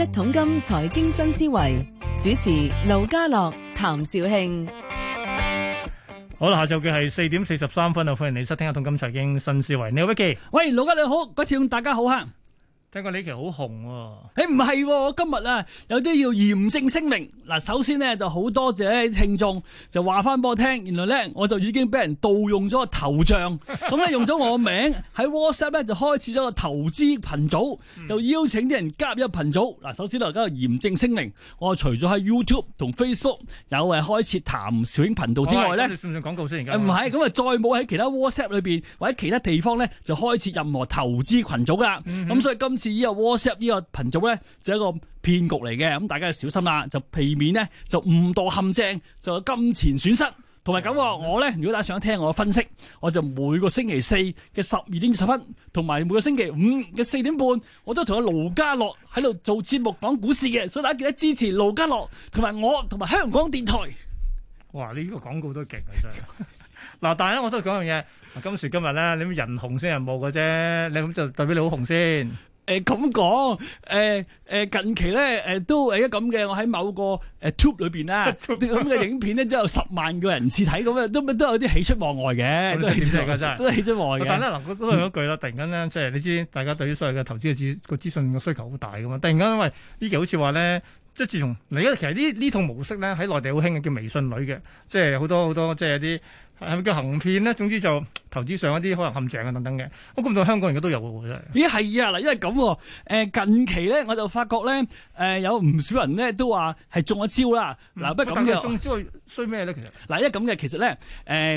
一桶金財經新思維主持盧家樂、譚紹興。好啦，下晝嘅係四點四十三分啊！歡迎你收聽一桶金財經新思維，你好，威記，喂，盧家，你好，嗰條大家好哈。聽講呢期好紅，啊，誒唔係，今日咧有啲要嚴正聲明。嗱，首先呢，就好多謝啲聽眾就話翻俾我聽，原來呢，我就已經俾人盜用咗個頭像，咁咧 用咗我個名喺 WhatsApp 咧就開始咗個投資群組，就邀請啲人加入一群組。嗱、嗯，首先咧而家要嚴正聲明，我除咗喺 YouTube 同 Facebook 有係開設譚紹興頻道之外，哦，算算呢，算唔算廣告先唔係，咁啊再冇喺其他 WhatsApp 裏邊或者其他地方呢，就開設任何投資群組啦。咁，嗯，哼所以今。似依個 WhatsApp 依個頻道咧，就一個騙局嚟嘅，咁大家要小心啦，就避免咧就誤墮陷阱，就有金錢損失。同埋咁，我咧如果大家想聽我嘅分析，我就每個星期四嘅十二點十分，同埋每個星期五嘅四點半，我都同阿盧家樂喺度做節目講股市嘅，所以大家記得支持盧家樂同埋我同埋香港電台。哇，呢個廣告都勁啊！真係。嗱，但係咧，我都係講樣嘢，今時今日咧，你咪人紅先人冇㗎啫，你咁就代表你好紅先。誒，咁講、呃，誒誒、呃，近期咧，誒、呃、都， 都，都，都有一咁嘅，我喺某個誒 Tube 裏邊啦，咁嘅影片咧都有十萬個人次睇，咁樣都都都有啲喜出望外嘅， 都係真喜出望外嘅。外 但係嗱，我都係嗰句啦，突然間咧，即、就、係、是、你知，大家對於所有嘅投資嘅資個資訊嘅需求好大㗎嘛。突然間因為呢期好似話咧，即係自從嚟，依其實呢呢套模式咧喺內地好興嘅，叫微信女嘅，即係好多好多即係啲。係咪叫行騙咧？總之就投資上一啲可能陷阱啊等等嘅，我估唔到香港人嘅都有喎真係。咦係啊嗱，因為咁誒、啊、近期咧，我就發覺咧誒有唔少人咧都話係中咗招啦。嗱不過咁嘅中招衰咩咧？其實嗱，因為咁嘅其實咧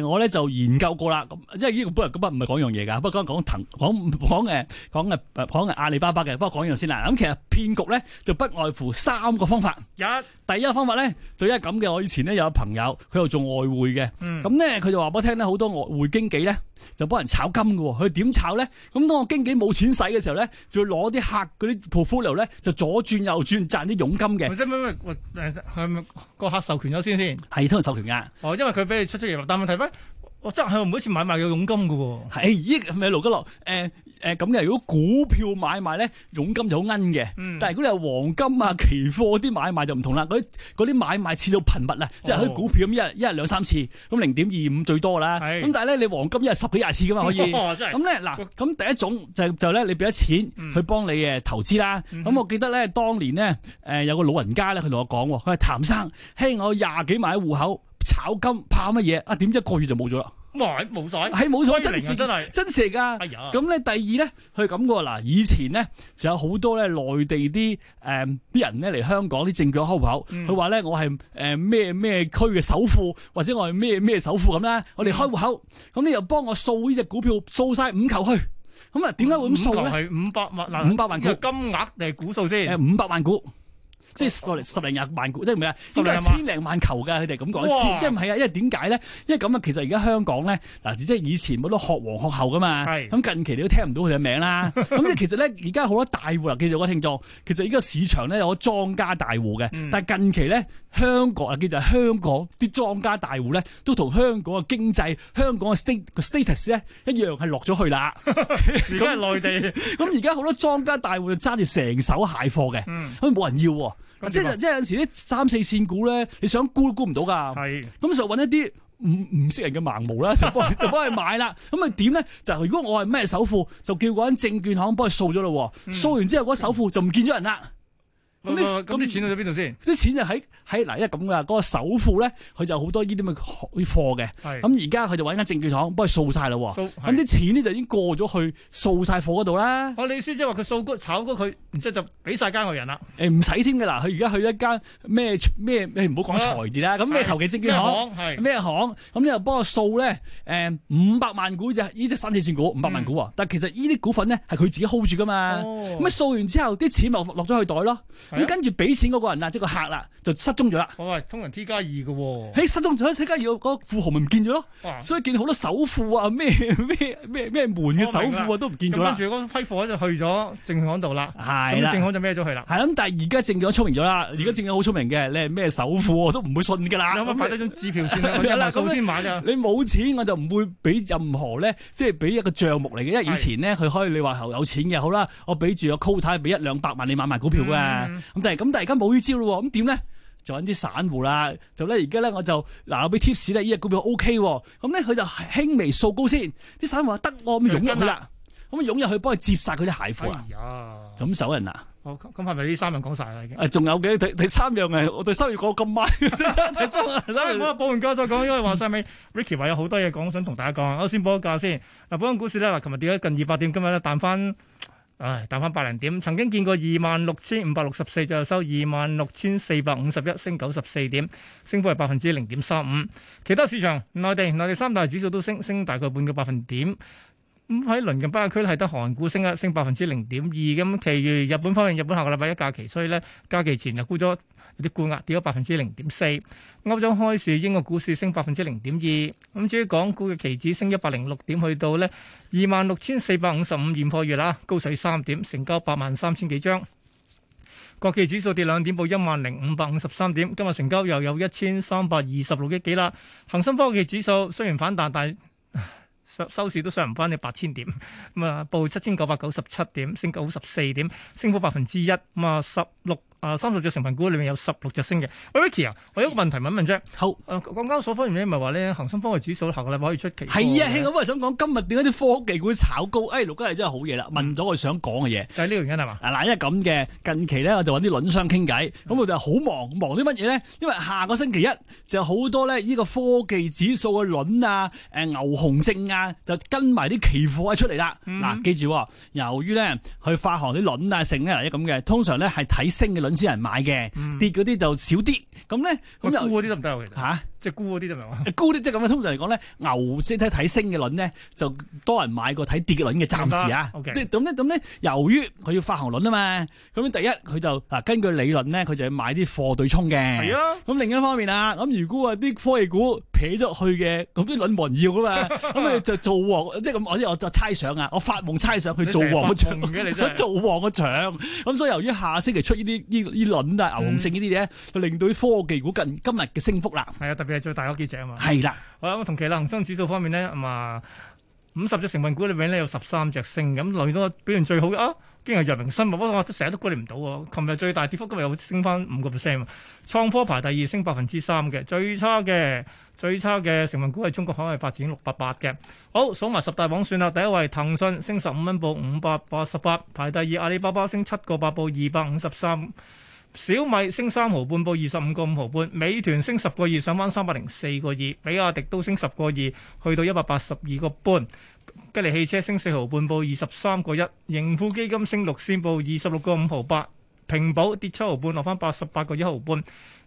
誒我咧就研究過啦。因為呢個今日今日唔係講樣嘢㗎，不過講騰講講誒講誒誒講阿里巴巴嘅。不過講樣先啦。咁其實騙局咧就不外乎三個方法。嗯、第一個方法咧就因為咁嘅，我以前咧有個朋友佢又做外匯嘅，咁咧、嗯就話俾我聽咧，好多外匯經紀咧就幫人炒金嘅，佢點炒咧？咁當個經紀冇錢使嘅時候咧，就會攞啲客嗰啲 portfolio 咧，就左轉右轉賺啲佣金嘅。唔使咩，係咪個客授權咗先先？係都要授權噶。哦，因為佢俾你出出入入，但問題咩？我、哦、真係唔好意思，買賣有佣金嘅喎、哦。係、哎，咦？咪盧吉樂？誒、呃、誒，咁、呃、嘅如果股票買賣咧，佣金就好奀嘅。嗯、但係如果你係黃金啊、期貨啲買賣就唔同啦。嗰啲啲買賣次數頻密啊，哦、即係喺股票咁一日一日兩三次，咁零點二五最多啦。咁、哎、但係咧，你黃金一日十幾廿次嘅嘛，可以。咁咧嗱，咁第一種就就咧，你俾咗錢去幫你嘅投資啦。咁、嗯、我記得咧，當年咧，誒、呃、有個老人家咧，佢同我講，佢係譚生，嘿、hey,，我廿幾萬嘅戶口。炒金怕乜嘢？啊，點知一個月就冇咗啦！冇晒了，冇係冇晒，真事是真係是真事噶。咁咧，哎、呀第二咧，佢係咁噶喎。嗱，以前咧就有好多咧內地啲誒啲人咧嚟香港啲證券開戶口，佢話咧我係誒咩咩區嘅首富，或者我係咩咩首富咁咧，我哋開戶口，咁、嗯、你又幫我掃呢隻股票掃晒五球去，咁啊點解會咁掃咧？係五,五百萬，五百萬金額股金額定係股數先？誒、呃，五百萬股。即係十零十廿萬股，即係咩啊？應該係千零萬球㗎，佢哋咁講先，哇即係唔係啊？因為點解咧？因為咁啊，其實而家香港咧，嗱，即係以前好多學王學後㗎嘛。咁是近期你都聽唔到佢嘅名啦。咁即係其實咧，而家好多大戶啊，記住我聽眾，其實依個市場咧有個莊家大戶嘅，但係近期咧。香港啊，叫做香港啲莊家大戶咧，都同香港嘅經濟、香港嘅 status 咧一樣，係落咗去啦。咁係內地，咁而家好多莊家大戶就揸住成手蟹貨嘅，咁冇、嗯、人要喎、嗯。即係即係有時啲三四線股咧，你想沽都沽唔到㗎。係咁的就搵一啲唔唔識人嘅盲毛啦，就幫就幫佢買啦。咁啊點咧？就如果我係咩首富，就叫嗰間證券行幫佢掃咗咯。嗯、掃完之後，嗰、那個、首富就唔見咗人啦。咁啲咁錢去咗邊度先？啲錢就喺喺，嗱，一為咁噶，嗰、那個首富咧，佢就好多呢啲咁嘅啲貨嘅。咁而家佢就揾間證券行幫佢掃晒咯。掃咁啲錢咧就已經過咗去掃晒貨嗰度啦。我意思即係話佢掃股炒股，佢即係就俾晒間外人啦。誒、欸，唔使添噶啦，佢而家去一間咩咩，你唔好講財字啦。咁你求其證券行咩行？咁你又幫佢掃咧，誒，五百、嗯嗯、萬股啫，呢隻三四線股五百萬股。但其實呢啲股份咧係佢自己 hold 住噶嘛。咁啊掃完之後，啲錢咪落咗去袋咯。咁跟住俾錢嗰個人啦，即係個客啦，就失蹤咗啦。喂、哦、通常 T 加二嘅喎，失蹤咗，T 加二個富豪咪唔見咗咯。啊、所以見到好多首富啊，咩咩咩咩門嘅首富啊，都唔見咗啦。跟住嗰批貨就去咗正行度啦。係啦，正行就咩咗去啦。係啦，但係而家正行聰明咗啦，而家正行好聰明嘅，你係咩首富我都唔會信㗎啦。有冇買得張紙票先啦？ 我一萬股先買啊！你冇錢我就唔會俾任何咧，即係俾一個帳目嚟嘅。因為以前咧，佢是可以你話頭有錢嘅好啦，我俾住個 quota 俾一兩百萬你買埋股票嘅。嗯咁但係咁但係而家冇呢招咯，咁點咧？就搵啲散戶啦，就咧而家咧我就嗱俾 tips 咧，依隻股票 O K，咁咧佢就輕微掃高先，啲散戶話得我咪湧入去啦，咁湧入去幫佢接晒佢啲鞋貨。啊、哎呀，咁收人啦。咁咁係咪呢三樣講晒啦？仲有嘅第三樣嘅，我對收益講咁慢，對身體真係。咁啊、 哎，報完價再講，因為話晒尾 Ricky 話有好多嘢講想同大家講，我先報個價先。嗱，本港股市咧，嗱，琴日跌咗近二百點，今日咧彈翻。唉，打返百零點，曾經見過二萬六千五百六十四，就收二萬六千四百五十一，升九十四點，升幅係百分之零點三五。其他市場，內地內地三大指數都升，升大概半個百分點。咁喺鄰近北區咧，係得韓股升一升百分之零點二，咁其餘日本方面，日本下個禮拜一假期，所以咧假期前就沽咗啲股額跌咗百分之零點四。歐洲開市，英國股市升百分之零點二。咁至於港股嘅期指升一百零六點，去到咧二萬六千四百五十五現貨月啦，高水三點，成交八萬三千幾張。國企指數跌兩點，報一萬零五百五十三點。今日成交又有一千三百二十六億幾啦。恒生科技指數雖然反彈，但係，收市都上唔翻你八千點，咁啊報七千九百九十七點，升九十四點，升幅百分之一，咁啊十六啊三十隻成分股裏面有十六隻升嘅。Ricky 啊，我有個問題問問啫。好，誒，港交所方面咧，咪話咧恒生科技指數下個禮拜可以出期？係啊，兄，我都係想講今日點解啲科技股炒高？誒，陸家偉真係好嘢啦，問咗我想講嘅嘢。就係呢個原因係嘛？嗱，因為咁嘅近期咧，我就揾啲輪商傾偈，咁我就係好忙，忙啲乜嘢咧？因為下個星期一就好多咧，呢個科技指數嘅輪啊，誒牛熊證啊。就跟埋啲期貨出嚟啦，嗱、嗯啊，記住、哦，由於咧去發行啲輪啊，剩一啲咁嘅，通常咧係睇升嘅輪先人買嘅，嗯、跌嗰啲就少啲。咁咧咁沽嗰啲得唔得吓？喂即係沽嗰啲就明啦。沽啲即係咁啊，通常嚟講咧，牛即係睇升嘅輪咧，就多人買過睇跌嘅輪嘅暫時啊。O K。即係咁咧，咁咧，由於佢要發行輪啊嘛，咁第一佢就嗱根據理論咧，佢就要買啲貨對沖嘅。係啊。咁另一方面啊，咁如果啊啲科技股撇咗去嘅，咁啲輪冇人要啊嘛，咁咪就做旺，即係咁，我啲我就猜想啊，我發夢猜想佢做旺個場嘅，你真係做旺個場。咁所以由於下星期出呢啲呢呢輪啊牛熊性呢啲嘢，佢令到啲科技股近今日嘅升幅啦。係啊，特別。誒最大嗰幾隻啊嘛，係啦的，好啦，咁同期啦，恒生指數方面咧，啊，五十隻成分股裏邊呢，有十三隻升，咁嚟到表現最好嘅啊，竟然係藥明生物，我、啊、常常都成日都估你唔到，琴日最大跌幅，今日又升翻五個 percent 啊，創科排第二，升百分之三嘅，最差嘅最差嘅成分股係中國海外發展六八八嘅，好，數埋十大榜算啦，第一位騰訊升十五蚊，報五百八十八，排第二阿里巴巴升七個八，報二百五十三。小米升三毫半，報二十五個五毫半；美團升十個二，上翻三百零四個二；比亞迪都升十個二，去到一百八十二個半；吉利汽車升四毫半，報二十三個一；盈富基金升六仙，報二十六個五毫八；平保跌七毫半，落翻八十八個一毫半；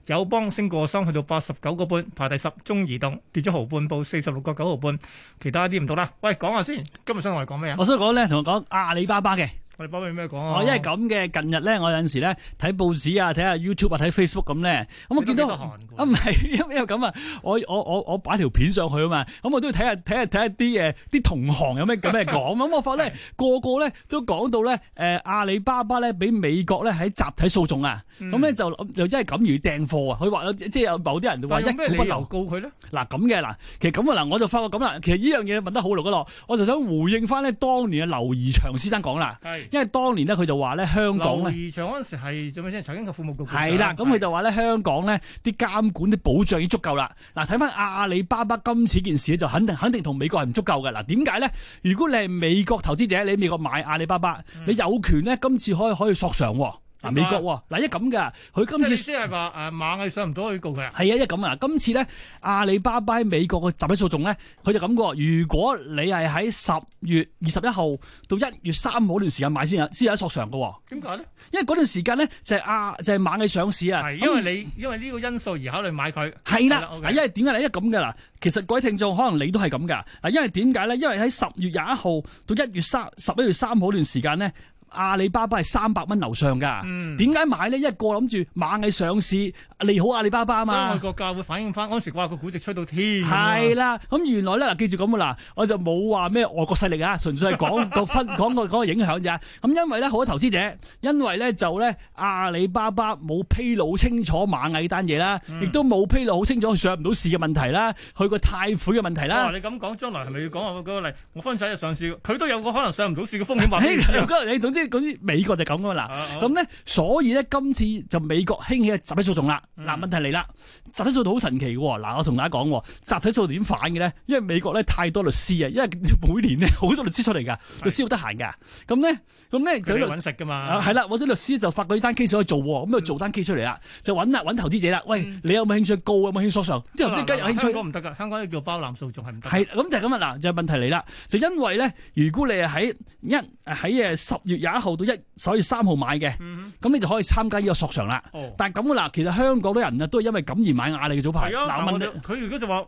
友邦升過三，去到八十九個半；排第十，中移動跌咗毫半，報四十六個九毫半；其他啲唔到啦。喂，講下先，今日想我嚟講咩啊？我想講呢，同我講阿里巴巴嘅。我哋包尾咩講啊？哦，一係咁嘅，近日咧，我有陣時咧睇報紙啊，睇下 YouTube 啊，睇 Facebook 咁咧，咁我見到啊，唔係，因為咁啊，我我我我擺條片上去啊嘛，咁我都要睇下睇下睇下啲嘢，啲同行有咩咁嘅講，咁我發覺咧個個咧都講到咧，誒，阿里巴巴咧俾美國咧喺集體訴訟啊，咁咧就就一係咁而訂貨啊，佢話即係有某啲人話一股不流告佢咧。嗱咁嘅嗱，其實咁啊嗱，我就發覺咁啦，其實呢樣嘢問得好耐嘅咯，我就想回應翻咧當年嘅劉怡翔先生講啦。因為當年咧，佢就話咧香港咧，劉怡翔嗰陣時係做咩先？曾經係副局長。係啦，咁佢就話咧香港咧啲監管啲保障已經足夠啦。嗱，睇翻阿里巴巴今次件事就肯定肯定同美國係唔足夠㗎。嗱，點解咧？如果你係美國投資者，你美國買阿里巴巴，你有權咧今次可以可以索償喎。美國喎，嗱、啊，一咁嘅，佢今次先係話誒螞蟻上唔到去告嘅，係啊，一咁啊，今次咧阿里巴巴美國嘅集體訴訟咧，佢就咁嘅喎。如果你係喺十月二十一號到一月三號嗰段時間買先有，先有得索償嘅喎。點解咧？因為嗰段時間咧就係、是、阿、啊、就係螞蟻上市啊。因為你、嗯、因為呢個因素而考慮買佢。係啦的，okay 因為點解咧？因為咁嘅啦。其實各位聽眾可能你都係咁嘅，啊，因為點解咧？因為喺十月廿一號到一月三十一月三號嗰段時間咧。阿里巴巴係三百蚊樓上噶，點解買咧？一個諗住螞蟻上市利好阿里巴巴啊嘛。國家會反映翻，當時話個估值吹到天。係啦，咁原來咧，嗱，記住咁噶啦，我就冇話咩外國勢力啊，純粹係講個分，講個講個影響咋。咁因為咧，好多投資者，因為咧就咧阿里巴巴冇披露清楚螞蟻單嘢啦，亦都冇披露好清楚上唔到市嘅問題啦，佢個貸款嘅問題啦。你咁講，將來係咪要講話舉個例？我分省上市，佢都有個可能上唔到市嘅風險問題。吓，你總之。嗰啲美國就咁噶嘛嗱，咁咧所以咧今次就美國興起集體訴訟啦。嗱，問題嚟啦，集體訴訟好神奇噶喎。嗱，我同大家講，集體訴訟點反嘅咧？因為美國咧太多律師啊，因為每年咧好多律師出嚟噶，律師好得閒噶。咁咧咁咧就律，揾食噶嘛。係啦，或者律師就發嗰啲單 case 可以做，咁就做單 case 出嚟啦，就揾啦揾投資者啦。喂，你有冇興趣告？有冇興趣訴？即係有興趣。香港唔得噶，香港叫包攬訴訟係唔得。係咁就係咁啊，嗱，就係問題嚟啦。就因為咧，如果你係喺一喺誒十月廿。一號到一，所以三號買嘅，咁你就可以參加呢個索償啦。但係咁啦，其實香港啲人啊，都係因為咁而買阿里嘅早排。嗱，問佢如果就話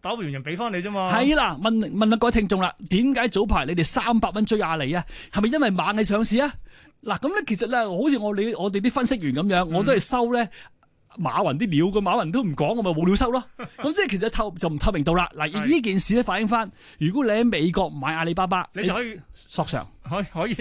打完人俾翻你啫嘛。係啦，問問下各位聽眾啦，點解早排你哋三百蚊追阿里啊？係咪因為螞蟻上市啊？嗱，咁咧其實咧，好似我哋我哋啲分析員咁樣，我都係收咧馬雲啲料嘅，馬雲都唔講，我咪冇料收咯。咁即係其實透就唔透明到啦。嗱，呢件事咧反映翻，如果你喺美國買阿里巴巴，你就可以索償。可可以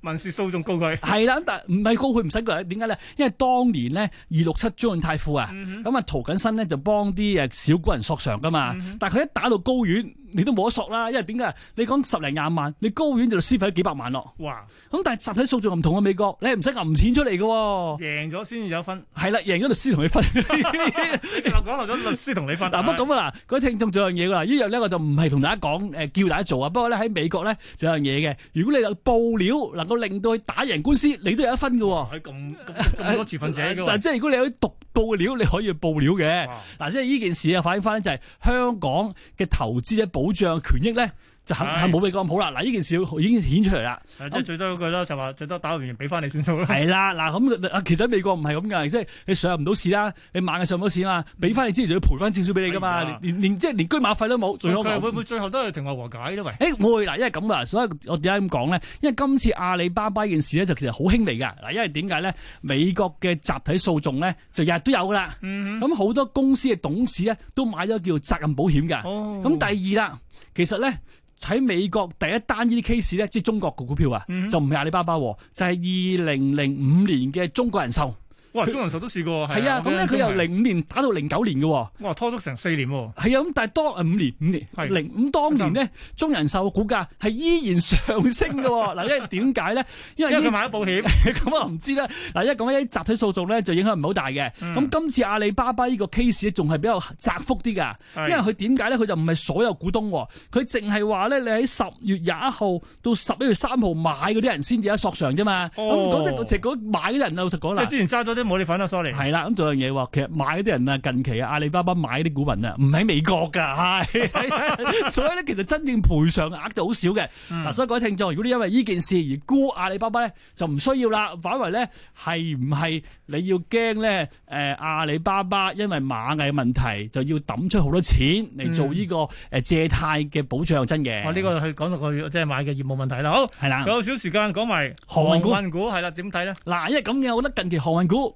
民事訴訟告佢，係啦，但唔係告佢唔使嘅，點解咧？因為當年咧二六七中信泰富啊，咁啊涂謹申咧就幫啲誒小股人索償噶嘛。但係佢一打到高院，你都冇得索啦，因為點解啊？你講十零廿萬，你高院就律師費咗幾百萬咯。哇！咁但係集體訴訟唔同啊，美國你係唔使揞錢出嚟嘅，贏咗先至有分。係啦，贏咗律師同你分。嗱，講落咗律師同你分。嗱，不過咁啊嗱，嗰啲聽眾仲有樣嘢㗎啦。呢樣咧我就唔係同大家講誒叫大家做啊。不過咧喺美國咧就有樣嘢嘅，如果你報料，能夠令到佢打贏官司，你都有一分嘅喎，啊。咁咁多持份者嘅喎。嗱，即係如果你有讀報料，你可以報料嘅。嗱哇，即係呢件事啊，反映翻就係，是，香港嘅投資者保障權益咧。就冇美國咁好啦，嗱呢件事已經顯出嚟啦。咁最多嗰句咧就話，最多打完俾翻你算數啦。係啦，嗱咁其實美國唔係咁噶，即係你上唔到市啦，你萬一上唔到市啊，俾翻你之前就要賠翻少少俾你噶嘛，連連即係連居馬費都冇。最後會唔會最後都係庭外和解咧？喂，誒會嗱，因為咁啊，所以我點解咁講咧？因為今次阿里巴巴呢件事咧，就其實好輕微噶。嗱，因為點解咧？美國嘅集體訴訟咧，就日日都有噶啦。咁好多公司嘅董事咧，都買咗叫責任保險嘅。咁第二啦，其實咧。喺美國第一單呢啲 case 咧，即係中國嘅股票啊，嗯、就唔係阿里巴巴，就係二零零五年嘅中國人壽。哇！中人壽都試過，係啊，咁咧佢由零五年打到零九年嘅，哇，拖咗成四年喎。係啊，咁但係當五年五年係零五當年咧，中人壽股價係依然上升嘅。嗱，因為點解咧？因為因為佢買咗保險，咁我唔知啦。嗱，因為講緊啲集體訴訟咧，就影響唔好大嘅。咁今次阿里巴巴呢個 case 仲係比較窄幅啲㗎，因為佢點解咧？佢就唔係所有股東，佢淨係話咧，你喺十月廿號到十一月三號買嗰啲人先至喺索償啫嘛。咁嗰啲即係嗰買嗰啲人，老實講啦。即係之前揸咗。冇你粉得，sorry。係啦，咁做樣嘢話，其實買嗰啲人啊，近期啊，阿里巴巴買嗰啲股民啊，唔喺美國噶，係，所以咧，其實真正賠償額就好少嘅。嗱，所以各位聽眾，如果你因為呢件事而沽阿里巴巴咧，就唔需要啦。反為咧，係唔係你要驚咧？誒，阿里巴巴因為螞蟻問題就要抌出好多錢嚟做呢個誒借貸嘅保障，係真嘅。我呢個去講到佢即係買嘅業務問題啦，好係啦。有少時間講埋航運股，係啦，點睇咧？嗱，因為咁嘅，我覺得近期航運股。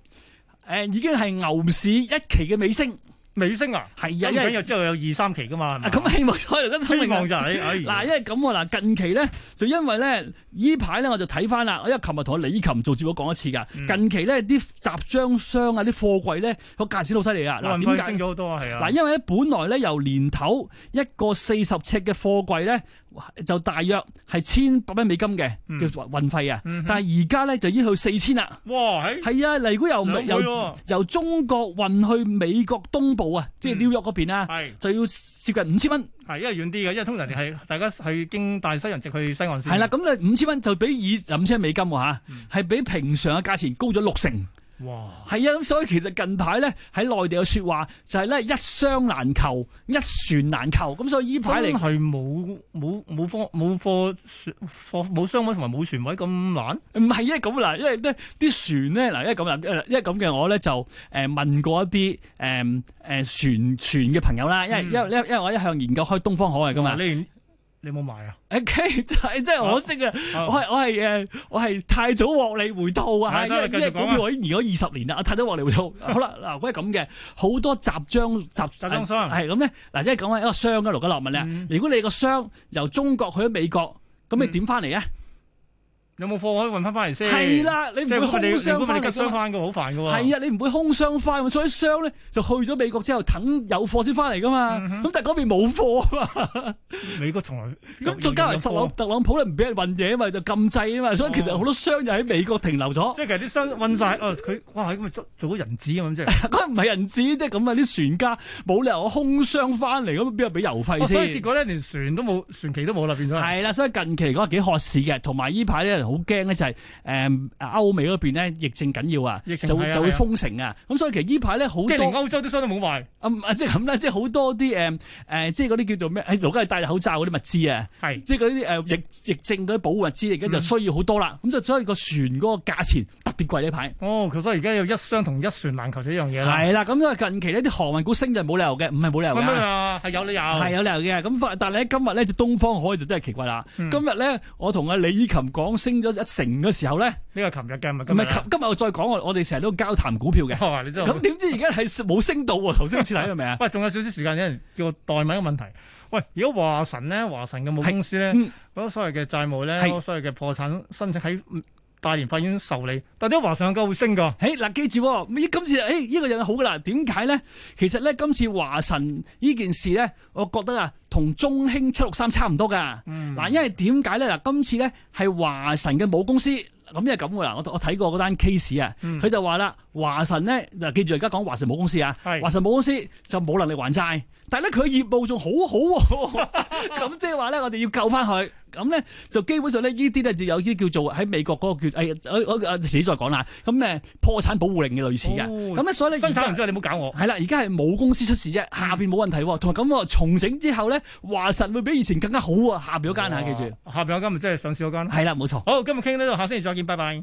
誒，已經係牛市一期嘅尾聲。美升啊，係啊，因為又之後有二三期噶嘛，咁希望再嚟更希望就哎，嗱，因為咁啊，嗱，近期咧就因為咧，呢排咧我就睇翻啦，我因為琴日同阿李琴做節目講一次噶，近期咧啲集裝箱啊，啲貨櫃咧個價錢好犀利啊，嗱，點解升咗好多啊？係啊，嗱，因為咧本來咧由年頭一個四十尺嘅貨櫃咧就大約係千百蚊美金嘅叫運費啊，但係而家咧就已經去四千啦。哇，係，啊啊，如果由由由中國運去美國東部。e 啊，即係紐約嗰邊啊，就是邊嗯、就要涉及五千蚊。係，因為遠啲嘅，因為通常係大家去經大西洋直去西岸先。係啦，咁啊五千蚊就比以五千美金啊吓，係比平常嘅價錢高咗六成。哇，係啊，所以其實近排咧喺內地嘅，說話就係咧一箱難求，一船難求，咁所以呢排真係冇冇冇貨冇貨貨冇商位同埋冇船位咁難。唔係啊，咁嗱，因為咧啲船咧嗱，因為咁嗱，因為咁嘅我咧就誒問過一啲誒誒船船嘅朋友啦，因為因因為因為我一向研究開東方海外嘅嘛。你冇買啊？唉，Okay 真係可惜啊！啊我係我係誒，我係太早獲利回吐啊！係啊，呢隻股票我已經移咗二十年啦，啊，太早獲利回吐。 好啦，嗱，喂，係咁嘅，好多集章集集章商係咁咧，嗱、啊，即係講緊一個商嘅盧嘅立問啊，嗯、如果你個商由中國去咗美國，咁你點翻嚟啊？嗯有冇貨可以運翻翻嚟先？係啦，你唔會空箱翻嘅。係啊，你唔會空箱翻，所以箱咧就去咗美國之後等有貨先翻嚟噶嘛。咁、嗯、哼但係嗰邊冇貨啊嘛，美國從來。咁再加埋特朗普咧唔俾人運嘢啊嘛，就禁制啊嘛，所以其實好多箱又喺美國停留咗。即係其實啲箱運晒，哦佢、啊、哇咁啊做做咗人質咁即係。佢唔係人質，即係咁啊啲船家冇理由空箱翻嚟，咁邊有俾油費先、哦？所以結果咧，連船都冇，船期都冇啦，變咗。係啦，所以近期嚟講係幾渴市嘅，同埋呢排咧。好驚咧，就係、是、誒、嗯、歐美嗰邊咧疫症緊要啊，疫情就就會封城啊，咁、啊、所以其實呢排咧好多，即歐洲都收都冇賣啊，即係咁啦，即係好多啲誒誒，即係嗰啲叫做咩？如果家戴口罩嗰啲物資啊，係即係嗰啲誒疫疫症嗰啲保護物資，而家就需要好多啦，咁就、嗯、所以個船嗰個價錢特別貴呢排。哦，所以而家有一箱同一船難求呢樣嘢啦。係啦、啊，咁啊近期呢啲航運股升就冇理由嘅，唔係冇理由㗎，係、啊、有理由，係有理由嘅。咁但係你今日咧，就東方海就真係奇怪啦。嗯、今日咧，我同阿李琴講升咗一成嘅時候咧，呢個琴日唔係今今日我再講，我哋成日都交談股票嘅，咁點知而家係冇升到？頭先次睇到未啊？ 喂，仲有少少時間，有人叫我代問一個問題。喂，如果華晨咧，華晨嘅母公司咧，嗰、嗯、所謂嘅債務咧，是所謂嘅破產申請喺。大連法院受理，但點解華晨價會升噶？誒嗱，記住，咦、這個嗯，今次誒呢個人好噶啦，點解咧？其實咧，今次華晨呢件事咧，我覺得啊，同中興七六三差唔多噶。嗱，因為點解咧？嗱，今次咧係華晨嘅母公司，咁為咁喎喇。我我睇過嗰單 case 啊，佢就話啦，華晨咧嗱，記住，而家講華晨母公司啊，是華晨母公司就冇能力還債，但咧佢業務仲好好喎，咁即係話咧，我哋要救翻佢。咁咧就基本上咧，呢啲咧就有啲叫做喺美國嗰個叫誒，我我再講啦。咁誒破產保護令嘅類似嘅，咁咧噢所以呢產之後你，分散唔該，你唔好搞我。係啦，而家係冇公司出事啫，下面冇問題喎，同埋咁重整之後咧話實會比以前更加好喎，下邊嗰間啊，記住。下邊嗰間咪即係上市嗰間。係啦，冇錯。好，今日傾到呢度，下星期再見，拜拜。